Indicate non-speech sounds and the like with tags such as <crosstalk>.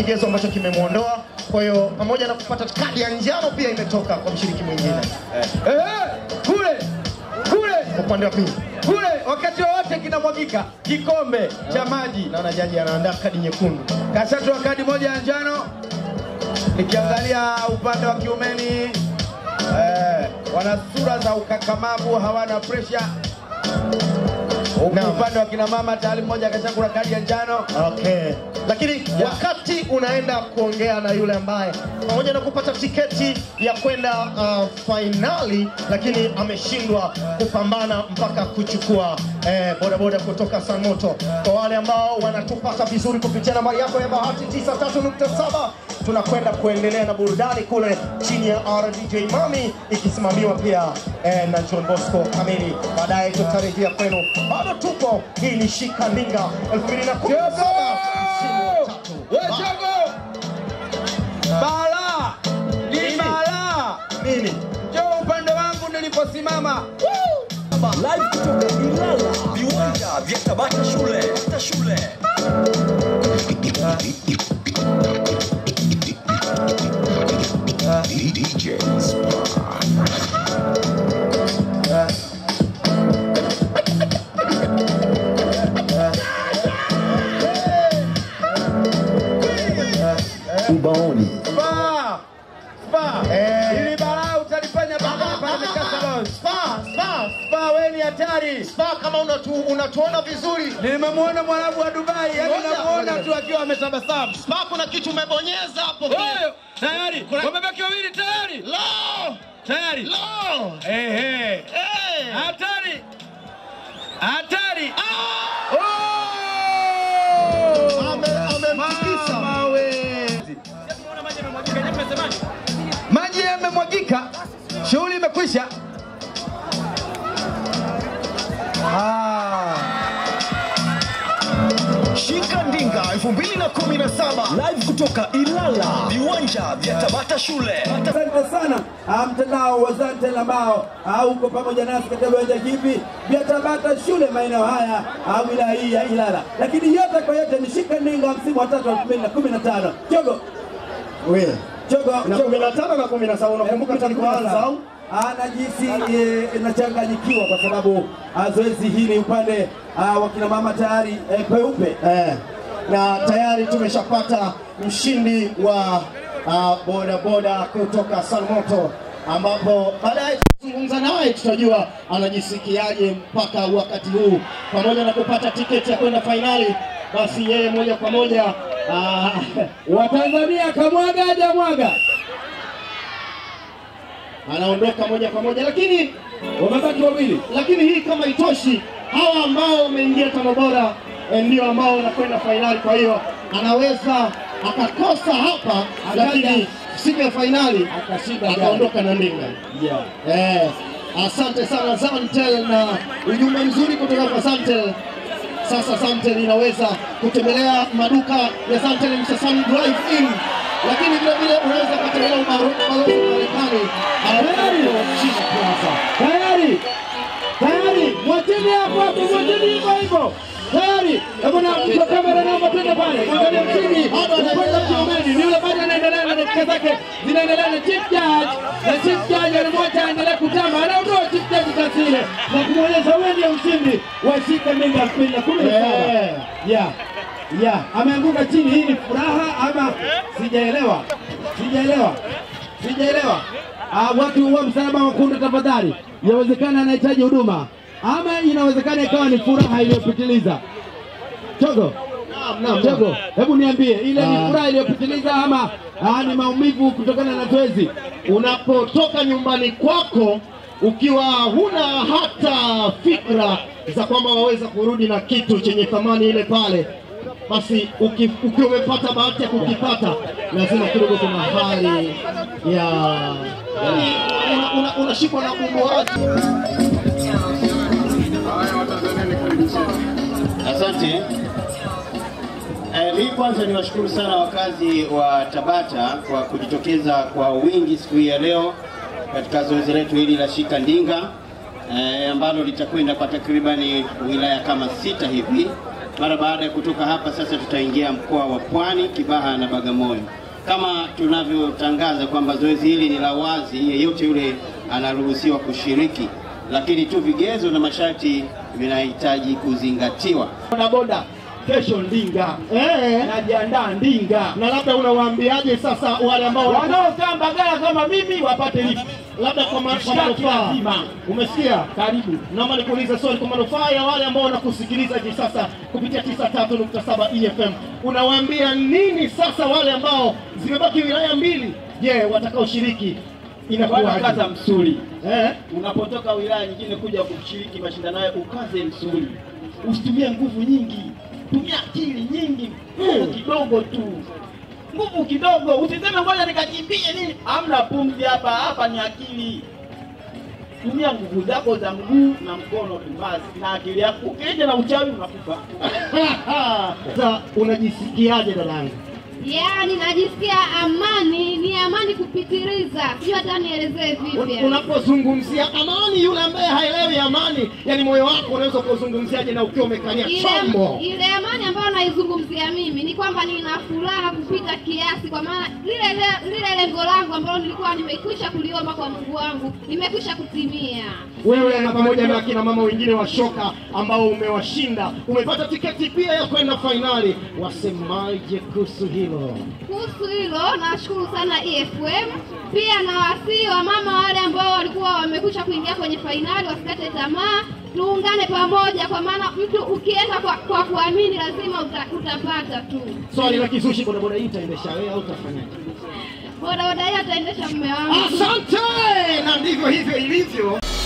kigezo ambacho kimemwondoa. Kwa hiyo pamoja na kupata kadi ya njano pia imetoka kwa mshiriki mwingine eh. Eh, kule kule upande wa pili kule, wakati wote kinamwagika kikombe cha maji. Naona jaji anaandaa kadi nyekundu, wa kadi moja ya njano. Nikiangalia upande wa kiumeni eh, wana sura za ukakamavu, hawana pressure Okay. Upande wa kina mama tayari mmoja akashakula kadi ya njano. Okay. Lakini yeah. wakati unaenda kuongea na yule ambaye pamoja na kupata tiketi ya kwenda uh, fainali lakini ameshindwa kupambana mpaka kuchukua eh, bodaboda kutoka Sanmoto. Kwa wale ambao wanatupata vizuri kupitia nambari yako ya bahati 93.7 tunakwenda kuendelea na burudani kule chini ya RDJ Mami ikisimamiwa pia eh, na John Bosco Kamili. Baadaye tutarejea kwenu bado bado tupo, hii ni Shika minga 2017 Bala ni bala upande wangu niliposimama. viwanja vya Tabata shule, Tabata shule. hatari. Spa, kama unatu, unatuona vizuri. Nimemwona mwarabu wa Dubai, yani namuona tu akiwa ametabasamu. Spa, kuna kitu umebonyeza hapo. tayari. Wamebaki wawili tayari. Lo! Tayari. Lo! Eh Hatari. Hatari. Ah! Oh! Maji yamemwagika. Shughuli imekwisha. 2017 live kutoka Ilala, viwanja vya Tabata shule. Asante sana ah, wazante la mao au ah, uko pamoja nasi katika viwanja hivi vya Tabata shule maeneo haya au ah, wilaya hii ya Ilala, lakini yote kwa yote ni ninga msimu wa tatu 2015 Jogo wewe Jogo 15 na 17 unakumbuka tarehe kwanza anajisi e, eh, inachanganyikiwa kwa sababu zoezi hili upande wa kina mama tayari e, peupe eh na tayari tumeshapata mshindi wa uh, bodaboda kutoka Salmoto ambapo baadaye tutazungumza naye, tutajua anajisikiaje mpaka wakati huu, pamoja na kupata tiketi ya kwenda fainali. Basi yeye moja kwa moja uh, <laughs> Watanzania kamwaga mwaga anaondoka moja kwa moja, lakini wamebaki wawili. Lakini hii kama itoshi, hawa ambao wameingia tano bora Eh, ndio ambao wanakwenda fainali. Kwa hiyo anaweza akakosa hapa, lakini siku ya fainali akaondoka na ndinga. Yeah. Eh, asante sana Zantel na ujumbe mzuri kutoka kwa Zantel. Sasa Zantel inaweza kutembelea maduka ya Zantel Msasani Drive In, lakini vile vile unaweza kutembelea ubalozi Marekani Tayari tayari, mwacheni hapo hapo, mwacheni hivyo hivyo tayari. Hebu na mtu kamera naomba twende pale, mwangalie ni yule bado anaendelea na dakika zake zinaendelea na chief judge, na chief judge anamwacha aendelee kutamba, anaondoa chief judge kasi ile na wewe mshindi ya na kumi eh. yeah yeah, ameanguka chini. Hii ni furaha ama sijaelewa, sijaelewa, sijaelewa uh, watu wa Msalaba Mwekundu, tafadhali, yawezekana anahitaji huduma ama inawezekana ikawa ni furaha iliyopitiliza. Chogo, Chogo, hebu niambie ile ni ah. furaha iliyopitiliza ama aa, ah, ni maumivu kutokana na zoezi? Unapotoka nyumbani kwako ukiwa huna hata fikra za kwamba waweza kurudi na kitu chenye thamani ile pale basi ukiwa umepata bahati ya kukipata, lazima kidogo kuna hali ya unashikwa una, una na umoaji. Asante. Eh, mimi kwanza niwashukuru sana wakazi wa Tabata kwa kujitokeza kwa wingi siku hii ya leo katika zoezi letu hili la shika ndinga e, ambalo litakwenda kwa takribani wilaya kama sita hivi. Mara baada ya kutoka hapa sasa tutaingia mkoa wa Pwani, Kibaha na Bagamoyo. Kama tunavyotangaza kwamba zoezi hili ni la wazi, yeyote yule anaruhusiwa kushiriki, lakini tu vigezo na masharti vinahitaji kuzingatiwa. bodaboda kesho Ndinga eh, najiandaa Ndinga. Na labda unawaambiaje sasa wale ambao wanaokaa Mbagala kama mimi wapate lift labda kwa manufaa umesikia? Karibu, naomba nikuulize swali kwa manufaa ya wale ambao wanakusikiliza hivi sasa kupitia 93.7 EFM, unawaambia nini sasa wale ambao zimebaki wilaya mbili? Je, yeah, watakaoshiriki inakuwaje? Kaza msuli eh, unapotoka wilaya nyingine kuja kushiriki mashindano haya, ukaze msuli, usitumie nguvu nyingi tumia akili nyingi, nguvu kidogo tu, nguvu kidogo. Usiseme ngoja nikakimbie nini, hamna pumzi hapa. Hapa ni akili. Tumia nguvu zako za mguu na mkono tu basi, na akili yako. Ukija na uchawi unakufa. <laughs> Sasa unajisikiaje dadangu? Yaani najisikia amani, ni amani kupitiliza, Sio hata nielezee vipi. Unapozungumzia amani, yule ambaye haelewi amani, yani moyo wako unaweza kuzungumziaje na ukiwa umekania chombo? Ile amani ambayo naizungumzia mimi ni kwamba nina furaha kupita kiasi, kwa maana lile lile lengo langu ambalo nilikuwa nimekwisha kuliomba kwa Mungu wangu nimekwisha kutimia. Wewe na pamoja na kina mama wengine wa shoka ambao umewashinda, umepata tiketi pia ya kwenda fainali, wasemaje kuhusu hili? kuhusu hilo nashukuru sana EFM. Pia na wasii wa mama wale ambao walikuwa wamekusha kuingia kwenye fainali wasikate tamaa, tuungane pamoja, kwa maana mtu ukienda kwa, kwa kuamini lazima uta, utapata tu. Swali la kizushi, bodaboda hii itaendesha wewe au utafanyaje? Bodaboda hii ataendesha mume wangu. Asante, na ndivyo hivyo ilivyo.